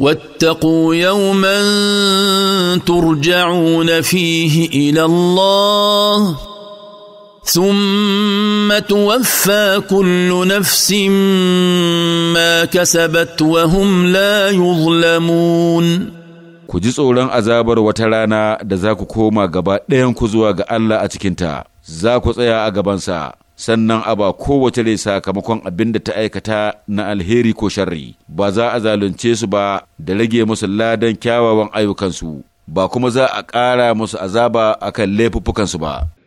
واتقوا يوما ترجعون فيه الى الله ثم توفى كل نفس ما كسبت وهم لا يظلمون ku ji tsoron azabar wata rana da za ku koma gaba ɗayan ku zuwa ga Allah a cikinta za ku tsaya a gabansa sannan a ba kowace rai sakamakon abin da ta aikata na alheri ko sharri ba za a zalunce su ba da rage musu ladan kyawawan ayyukansu ba kuma za a ƙara musu azaba akan laifuffukansu ba